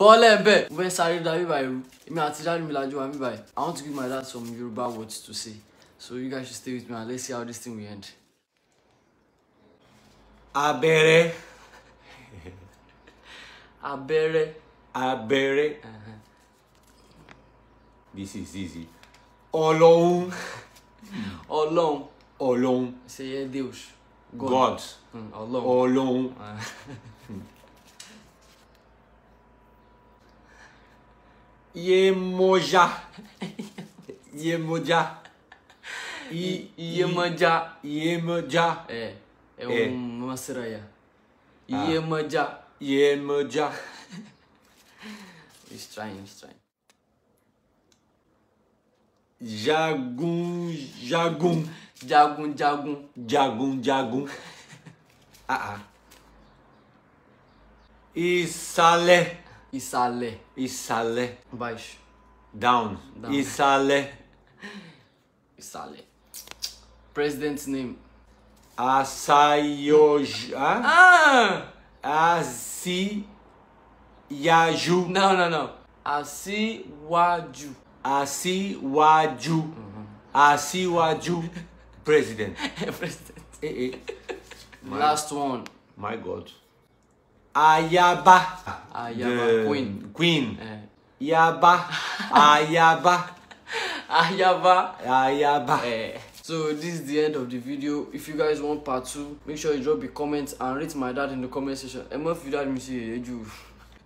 bọ́lẹ̀ ń bẹ̀ mo fẹ́ sáré dá bíbá èmi àti dáàdì mi wa bíbá yìí I want to give my dad some Yoruba words to say so you guys should stay with me and let's see how this thing will end. abẹ́rẹ́ abẹ́rẹ́ abẹ́rẹ́ uh-huh. this is easy ọlọ́run ọlọ́run ọlọ́run ṣe yẹ deus god hmm, ọlọ́run ọlọ́run. Uh-huh. Iemoja. Iemoja. I, Iemanjá. Iemanjá. É. É, um, é. uma sereia. Ah. Iemanjá. Iemanjá. estranho, estranho. Jagum, jagun, jagun, jagun, jagun, jagun, Ah, ah. Isale. Isale. Isale. Baixo. Down. Down. Isale. Isale. President's name. Asayoj. Ah. Ah! Asiyaju. Não, não, não. Asiwaju. Asiwaju. Uhum. Mm-hmm. Asiwaju. President. president. Hey, eh, eh. hey. Last one. My God. Ayaba. Ayaba the queen. Queen. É. Eh. Yaba. Ayaba. Ayaba. Ayaba. É. Eh. So this is the end of the video. If you guys want part two, make sure you drop a comment and rate my dad in the comment section. And my dad me say you.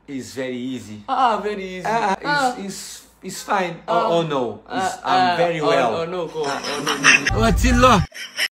It's very easy. Ah, very easy. Ah, it's, ah. it's it's fine. Um, oh, oh no, it's, uh, I'm uh, very ah, oh, well. Oh, oh no, go. Oh, no, no,